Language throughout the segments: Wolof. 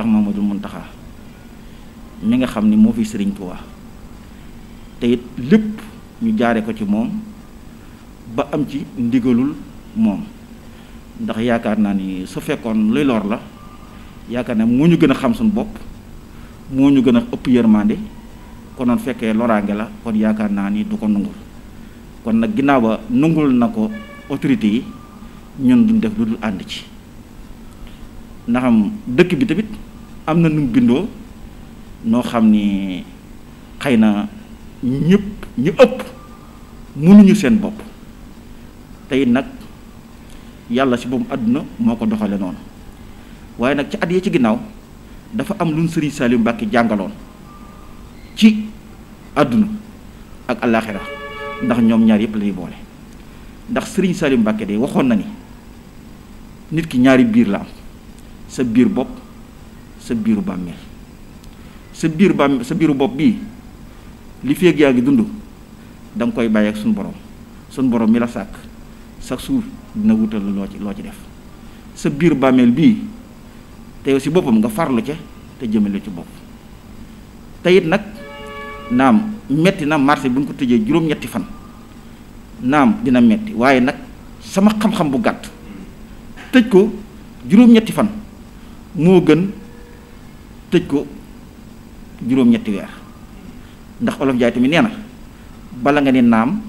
moom Cheikh Mamadou taxa mi nga xam ni moo fi Sëriñ Tuuba te it lépp ñu jaare ko ci moom ba am ci ndigalul moom ndax yaakaar naa ni su fekkoon luy lor la yaakaar naa moo ñu gën a xam suñu bopp moo ñu gën a ëpp yërmande konoon fekkee loraange la kon yaakaar naa ni du ko nungul kon nag ginnaaw ba nungul na ko autorité yi ñun duñ def lu dul ànd ci ndaxam dëkk bi tamit am na nu bindoo noo xam ni xëy na ñëpp ñu ëpp mënuñu seen bopp tey nag yàlla si boobu àdduna moo ko doxale noonu waaye nag ci at yi ci ginnaaw dafa am lu Sëriñ Saliou Mbacke jàngaloon ci àdduna ak àllaaxira ndax ñoom ñaar yëpp la boole ndax Sëriñ Saliou Mbacke de waxoon na ni nit ki ñaari biir la am sa biir bopp sa biiru bàmmeel sa biir bàmmeel sa biiru bopp bii li feeg yaa ngi dund da koy bàyyi ak suñu borom suñu borom mi la sàkk sa suuf dina wutal loo ci loo ci def sa biiru bàmmeel bii te yow si boppam nga farlu ca te jëmale ci bopp te it nag naam metti na marché bi nga ko tëjee juróom-ñetti fan naam dina metti waaye nag sama xam-xam bu gàtt tëj ko juróom-ñetti fan moo gën tëj ko juróom-ñetti weer ndax olof jaay tamit nee na bala nga ne naam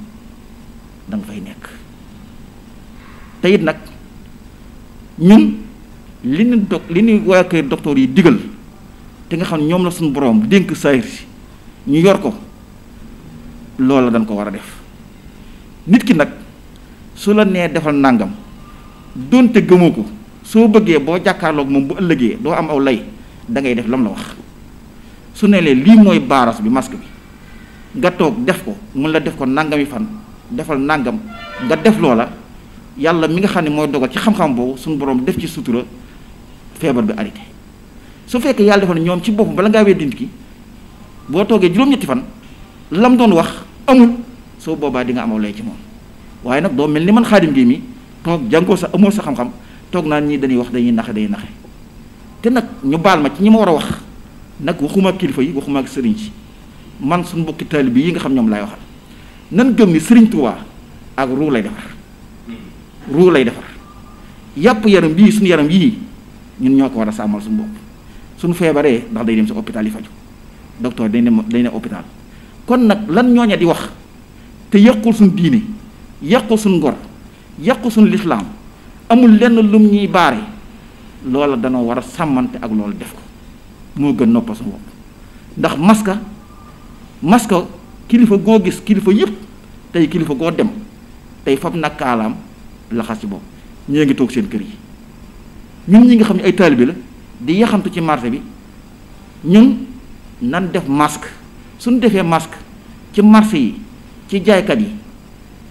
da nga fay nekk te nag ñun li ñu dog li ñu waa kër docteur yi digal te nga xam ñoom la suñu boroom dénk sayir si ñu yor ko loolu dañ ko war a def nit ki nag su la nee defal nàngam doonte gëmoo ko soo bëggee boo jàkkaarloog moom bu ëllëgee doo am aw lay dangay ngay def lam la wax su ne lee lii mooy baaras bi masque bi nga toog def ko mun la def ko nàngami fan defal nàngam nga def loola yàlla mi nga xam ne mooy dogal ci xam-xam boobu suñu borom def ci sutura feebar bi arrêté su fekkee yàlla defal ñoom ci boppam bala ngaa weddint ki boo toogee juróom-ñetti fan lam doon wax amul soo boobaa di nga amaw lay ci moom waaye nag doo mel ni man xaadim gi mi toog jàngoo sa amoo sa xam toog naa nii dañuy wax dañuy naxe dañuy naxe te nag ñu baal ma ci ñi ma war a wax nag waxuma kilifa yi waxuma ak sëriñ si man suñ mbokki taalibe yi nga xam ñoom laay waxal nan gëm ni sëriñ Tuubaa ak ruu lay defar ruu lay defar yàpp yaram bii suñu yaram yii ñun ñoo ko war a sàmmal suñu bopp suñu feebaree ndax day dem si hôpital yi faju docteur day dem day ne hôpital kon nag lan ñoo ñooña di wax te yàqul suñu diine yàqul suñ ngor yàqul suñ lislaam amul lenn lum ñuy baare loola danoo war a sàmmante ak loolu def ko moo gën noppa sa bopp ndax maska maska kilifa goo gis kilifa yëpp tey kilifa goo dem tey fab nag kaalaam laxas ci bopp ñee ngi toog seen kër yi ñun ñi nga xam ne ay bi la di yaxantu ci marché bi ñun nan def masque suñu defee masque ci marché yi ci jaaykat yi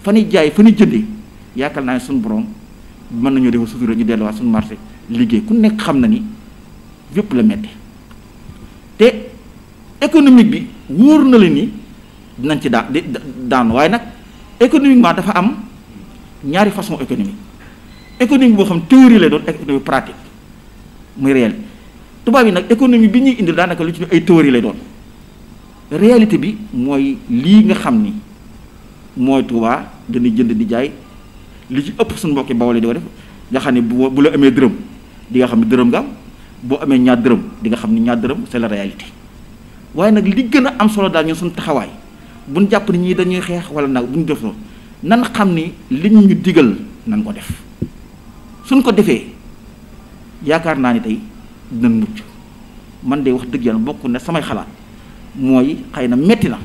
fa ñuy jaay fa ñuy jëndee yaakaar naa ne suñu borom mën nañoo def sutura ñu delluwaat suñu marse liggéey ku nekk xam na ni yëpp la metti te économique bi wóor na la ni dinañ ci daan daan waaye nag économiquement dafa am ñaari façon économique économique boo xam théorie lay doon économie pratique muy réel tubaab yi nag économie bi ñuy indi daanaka lu ci ay théorie lay doon réalité bi mooy lii nga xam ni mooy Tuubaa dañuy jënd di jaay li ci ëpp suñu mbokki bawol di ko def nga xam ne bu bu la amee dërëm dinga xam ne dërëm nga am boo amee ñaar dërëm di nga xam ne ñaar dërëm c'est réalité waaye nag li gën a am solo daal ñun suñu taxawaay buñ jàpp ni ñii dañuy xeex wala nag buñ def nan xam ni liñ ñu digal nan ko def suñ ko defee yaakaar naa ni tey dinañ mucc man de wax dëgg yàlla bokk na samay xalaat mooy xëy na metti na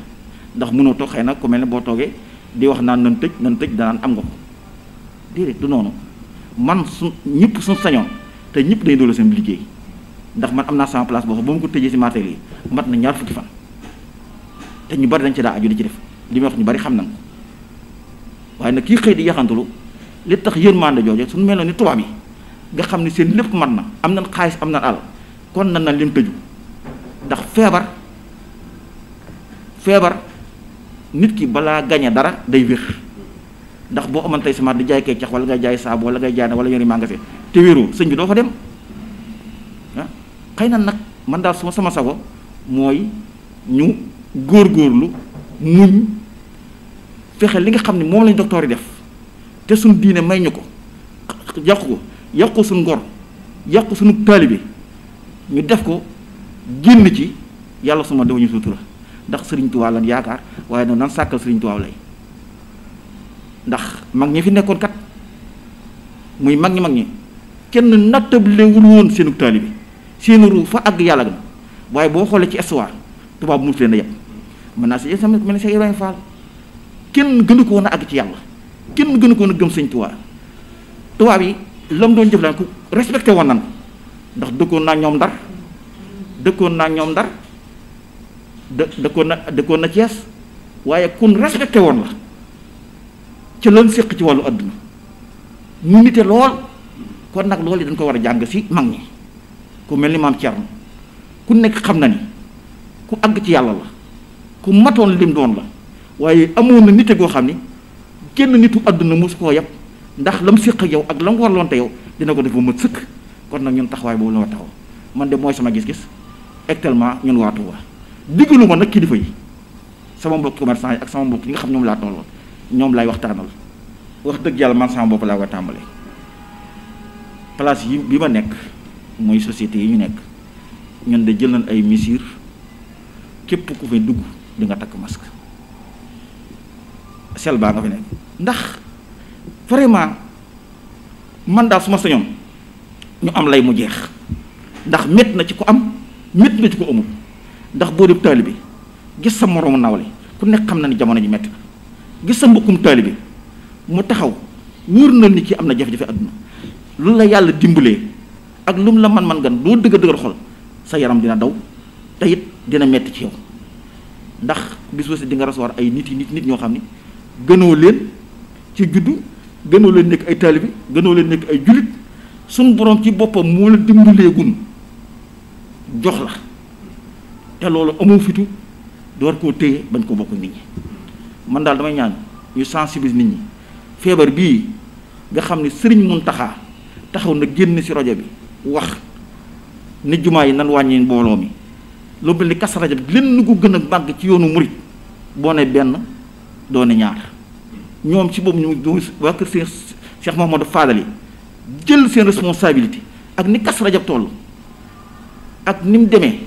ndax mënoo toog xëy na ku mel ne boo toogee di wax naa nan tëj nan tëj danaan am nga ko déedéet noonu man su ñëpp suñ sañoon te ñëpp day doolu seen liggéey ndax man am naa sama place boo xam ba mu ko tëjee si martel yi mat na ñaar fukki fan te ñu bari dañ ci daa aju di ci def li wax ñu bari xam nañ ko waaye nag kii xëy di yaxantulu li tax yërmande jooju suñu meloon ni tubaab yi nga xam ne seen lépp mat na am na xaalis am na àll kon nan nañ leen tëju ndax feebar feebar nit ki balaa gañe dara day wér ndax boo amoon sama semence di jaay kecax wala ngay jaay saabu wala ngay jaay na wala yori magasin te wéeroo sëñ bi doo fa dem ah na nag man daal suma sama sago mooy ñu góor góorlu muñ fexe li nga xam ne moom lañ docteur yi def te suñ diine may ñu ko yàqu ko yàqu suñ ngor yàqu suñu taalibe ñu def ko génn ci yàlla suma defuñu sutura ndax sëriñ Tuubaa lan yaakaar waaye nag nan sàkkal sëriñ Tuubaa lay ndax mag ñi fi nekkoon kat muy mag ñi mag ñi kenn nattablewul woon seenu taali bi seenu ru fa àgg yàlla na waaye boo xoolee ci histoire tubaab mu leen a yàpp mën naa si sama mel ni Cheikh Ibrahima kenn gënu ko woon a àgg ci yàlla kenn gënu ko woon a gëm sëñ Tuubaa tubaab yi lam doon jëf laan ko respecté woon nan ndax dëkkoon naa ñoom ndar dëkkoon naa ñoom ndar dë dëkkoon na dëkkoon na Cees waaye kon respecté woon la ci loolu séq ci wàllu adduna mu nite lool kon nag loolu yi dañ ko war a jàng si mag ñi ku mel ni maam Thierno ku nekk xam na ni ku àgg ci yàlla la ku matoon lim doon la waaye amoon na nit goo xam ni kenn nitu adduna mosu koo yab ndax lam séq ak yow ak la mu warloon te yow dina ko def ba mët sëkk kon nag ñun taxawaay boobu la ma taxaw man de mooy sama gis-gis actuellement ñun waa Touba diggalu ma nag kilifa yi sama mbokk commerçant yi ak sama mbokk yi nga xam ñoom laa ñoom lay waxtaanal wax dëgg yàlla man sama bopp laa ko tàmbale place yi bi ma nekk mooy société yi ñu nekk ñun de jël nañ ay mesures képp ku fay dugg di nga takk mask sel baa nga fa nekk ndax vraiment man daal su ma sañoon ñu am lay mu jeex ndax métt na ci ko am métt na ci ko amul ndax boo dee taalibe bi gis sa moroomu nawle ku nekk xam na ni jamono ji métti gis sa mbokkum taalibe mu taxaw wóor na ni kii am na jafe-jafe àdduna lu la yàlla dimbalee ak lu mu la man-man gan doo dëgg dëggal xol sa yaram dina daw te it dina metti ci yow ndax bis wasi di nga recevoir ay nit yi nit ñoo xam ne gënoo leen ci juddu gënoo leen nekk ay taalibe gënoo leen nekk ay jullit suñ borom ci boppam moo la dimbaleegun jox la te loolu amoo fitu door koo téye bañ ko bokk nit ñi man daal damay ñaan ñu sensibiliser nit ñi feebar bii nga xam ne sëriñ Muntaxa taxaw na génn si rajo bi wax ne jumaa yi nan wàññi mbooloo mi lu mel ni Kazu Rajab lenn ko gën a màgg ci yoonu murit boo ne benn doo ne ñaar ñoom ci boobu ñu ñu waa kër seen Cheikh Mouhamadou Fadal yi jël seen responsabilité ak ni Kazu Rajab toll ak ni mu demee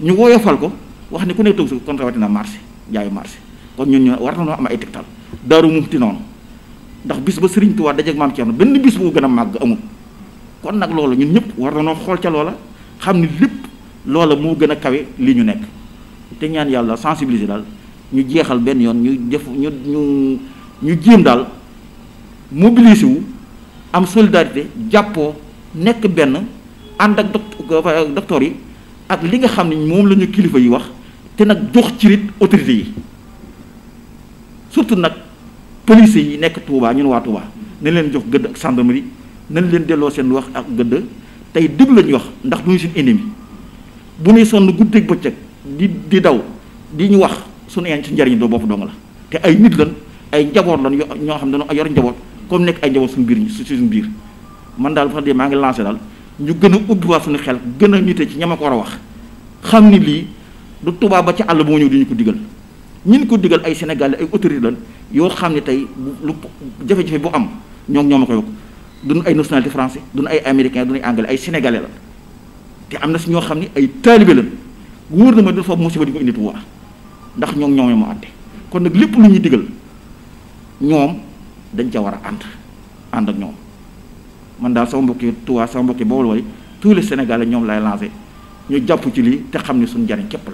ñu woyofal ko wax ne ku ne toog si kon rawatina marché njaayu marché. kon ñu ñu war na noo am ay tegtal daaru mumti noonu ndax bis ba Sëriñ Tuubaa dajeeg maam Cerno benn bis bu gën a màgg amul kon nag loolu ñu ñëpp war na noo xool ca loola xam ni lépp loola moo gën a kawe li ñu nekk te ñaan yàlla sensibiliser daal ñu jeexal benn yoon ñu def ñu ñu ñu jéem daal mobiliser wu am solidarité jàppoo nekk benn ànd ak euh, docteur yi ak li nga xam ne moom lañu kilifa yi wax te nag jox cirit autorité yi surtout nag police yi nekk Touba ñun waa Touba nañ leen jox gëdd ak gendarmerie nañ leen delloo seen wax ak gëdd tey dëgg lañu wax ndax duñu suñu ennemi bu ñuy sonn guddeeg bëccëg di di daw di ñu wax su en su njariñ doo bopp dong la te ay nit lan ay njaboot lan ñoo xam ne dañoo yor njaboot comme nekk ay njaboot suñu biir su suñu biir man daal wax maa ngi lancé daal ñu gën a ubbiwaat suñu xel gën a nite ci ñama ko war a wax xam ni lii du tubaab ba ci àll boo ñëw di ko digal ñun ko digal ay Sénégalais ay autorités lan yoo xam ne tey lu jafe-jafe bu am ñoom ñoom ma ko yokk duñu ay nationalité français duñu ay américain duñu ay anglais ay sénégalais te am na si ñoo xam ne ay taalibe lan wóor na ma du foofu musiba di ko indi Tuuba ndax ñoom ñoom moo àtte kon nag lépp lu ñuy digal ñoom dañ ca war a ànd ànd ak ñoom man daal sama mbokki Tuuba sama mbokki Bawol way tous les sénégalais ñoom laay lancé ñu jàpp ci lii te xam ne suñu njariñ képp